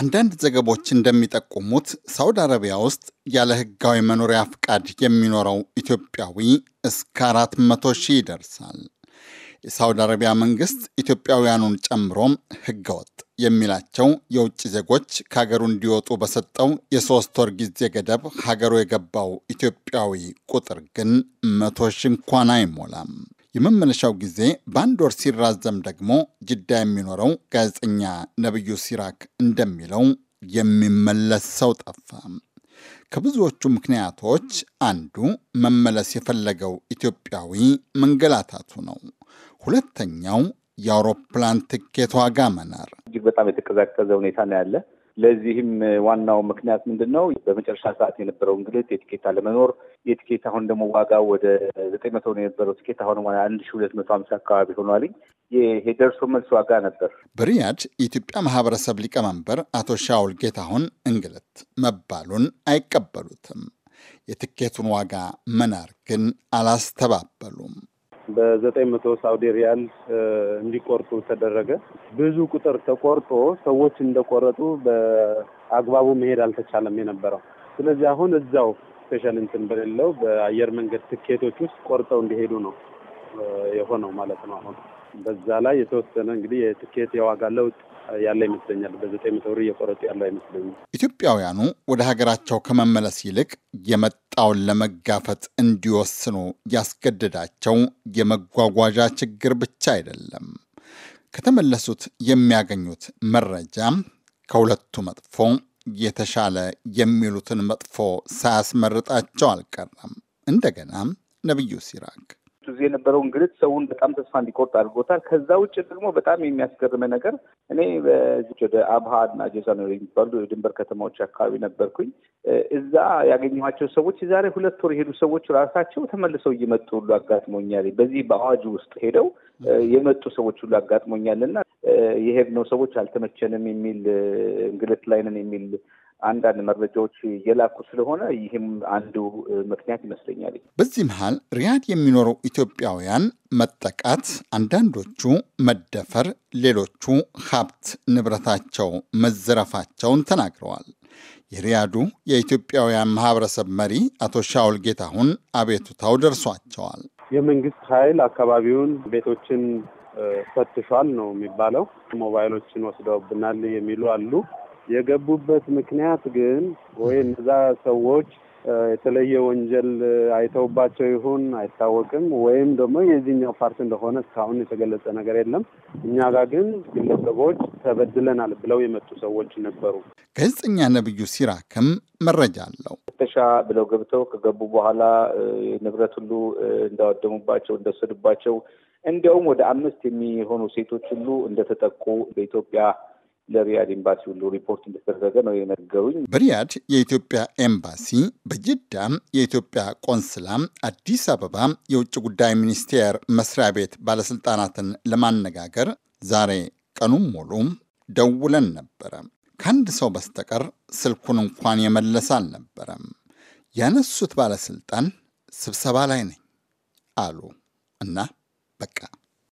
አንዳንድ ዘገቦች እንደሚጠቁሙት ሳውዲ አረቢያ ውስጥ ያለ ህጋዊ መኖሪያ ፍቃድ የሚኖረው ኢትዮጵያዊ እስከ 400 ሺህ ይደርሳል። የሳውዲ አረቢያ መንግስት ኢትዮጵያውያኑን ጨምሮም ህገወጥ የሚላቸው የውጭ ዜጎች ከሀገሩ እንዲወጡ በሰጠው የሶስት ወር ጊዜ ገደብ ሀገሩ የገባው ኢትዮጵያዊ ቁጥር ግን መቶ ሺህ እንኳን አይሞላም። የመመለሻው ጊዜ በአንድ ወር ሲራዘም ደግሞ ጅዳ የሚኖረው ጋዜጠኛ ነብዩ ሲራክ እንደሚለው የሚመለስ ሰው ጠፋ። ከብዙዎቹ ምክንያቶች አንዱ መመለስ የፈለገው ኢትዮጵያዊ መንገላታቱ ነው። ሁለተኛው የአውሮፕላን ትኬት ዋጋ መናር፣ እጅግ በጣም የተቀዛቀዘ ሁኔታ ነው ያለ ለዚህም ዋናው ምክንያት ምንድን ነው? በመጨረሻ ሰዓት የነበረው እንግልት፣ የትኬት አለመኖር፣ የትኬት አሁን ደግሞ ዋጋው ወደ ዘጠኝ መቶ ነው የነበረው ትኬት አሁን አንድ ሺ ሁለት መቶ ሀምሳ አካባቢ ሆኗል። ይሄ ደርሶ መልስ ዋጋ ነበር። በሪያድ የኢትዮጵያ ማህበረሰብ ሊቀመንበር አቶ ሻውል ጌታሁን እንግልት መባሉን አይቀበሉትም። የትኬቱን ዋጋ መናር ግን አላስተባበሉም። በዘጠኝ መቶ ሳውዲ ሪያል እንዲቆርጡ ተደረገ። ብዙ ቁጥር ተቆርጦ ሰዎች እንደቆረጡ በአግባቡ መሄድ አልተቻለም የነበረው። ስለዚህ አሁን እዛው ስፔሻል እንትን በሌለው በአየር መንገድ ትኬቶች ውስጥ ቆርጠው እንዲሄዱ ነው የሆነው ማለት ነው። አሁን በዛ ላይ የተወሰነ እንግዲህ የትኬት የዋጋ ለውጥ ያለ ይመስለኛል። በዘጠኝ መቶ ብር እየቆረጡ ያለ አይመስለኝም። ኢትዮጵያውያኑ ወደ ሀገራቸው ከመመለስ ይልቅ የመጣውን ለመጋፈጥ እንዲወስኑ ያስገደዳቸው የመጓጓዣ ችግር ብቻ አይደለም። ከተመለሱት የሚያገኙት መረጃ ከሁለቱ መጥፎ የተሻለ የሚሉትን መጥፎ ሳያስመርጣቸው አልቀረም። እንደገና ነቢዩ ሲራክ ጊዜ የነበረው እንግልት ሰውን በጣም ተስፋ እንዲቆርጥ አድርጎታል። ከዛ ውጭ ደግሞ በጣም የሚያስገርመ ነገር እኔ ወደ አብሃድ እና ጄዛኖር የሚባሉ የድንበር ከተማዎች አካባቢ ነበርኩኝ። እዛ ያገኘኋቸው ሰዎች የዛሬ ሁለት ወር የሄዱ ሰዎች ራሳቸው ተመልሰው እየመጡ ሁሉ አጋጥሞኛል። በዚህ በአዋጅ ውስጥ ሄደው የመጡ ሰዎች ሁሉ አጋጥሞኛል እና የሄድነው ሰዎች አልተመቸንም የሚል እንግልት ላይ ነን የሚል አንዳንድ መረጃዎች እየላኩ ስለሆነ ይህም አንዱ ምክንያት ይመስለኛል። በዚህ መሀል ሪያድ የሚኖሩ ኢትዮጵያውያን መጠቃት፣ አንዳንዶቹ መደፈር፣ ሌሎቹ ሀብት ንብረታቸው መዘረፋቸውን ተናግረዋል። የሪያዱ የኢትዮጵያውያን ማህበረሰብ መሪ አቶ ሻውል ጌታሁን አቤቱታው ደርሷቸዋል። የመንግስት ኃይል አካባቢውን ቤቶችን ፈትሿል ነው የሚባለው። ሞባይሎችን ወስደውብናል የሚሉ አሉ። የገቡበት ምክንያት ግን ወይ እነዛ ሰዎች የተለየ ወንጀል አይተውባቸው ይሁን አይታወቅም፣ ወይም ደግሞ የዚህኛው ፓርቲ እንደሆነ እስካሁን የተገለጸ ነገር የለም። እኛ ጋር ግን ግለሰቦች ተበድለናል ብለው የመጡ ሰዎች ነበሩ። ጋዜጠኛ ነብዩ ሲራክም መረጃ አለው። ፍተሻ ብለው ገብተው ከገቡ በኋላ ንብረት ሁሉ እንዳወደሙባቸው፣ እንደወሰዱባቸው እንዲያውም ወደ አምስት የሚሆኑ ሴቶች ሁሉ እንደተጠቁ በኢትዮጵያ ለሪያድ ኤምባሲ ሁሉ ሪፖርት እንደተደረገ ነው የነገሩኝ። በሪያድ የኢትዮጵያ ኤምባሲ፣ በጅዳም የኢትዮጵያ ቆንስላም፣ አዲስ አበባ የውጭ ጉዳይ ሚኒስቴር መስሪያ ቤት ባለስልጣናትን ለማነጋገር ዛሬ ቀኑን ሙሉ ደውለን ነበረ። ከአንድ ሰው በስተቀር ስልኩን እንኳን የመለሰ አልነበረም። ያነሱት ባለስልጣን ስብሰባ ላይ ነኝ አሉ እና በቃ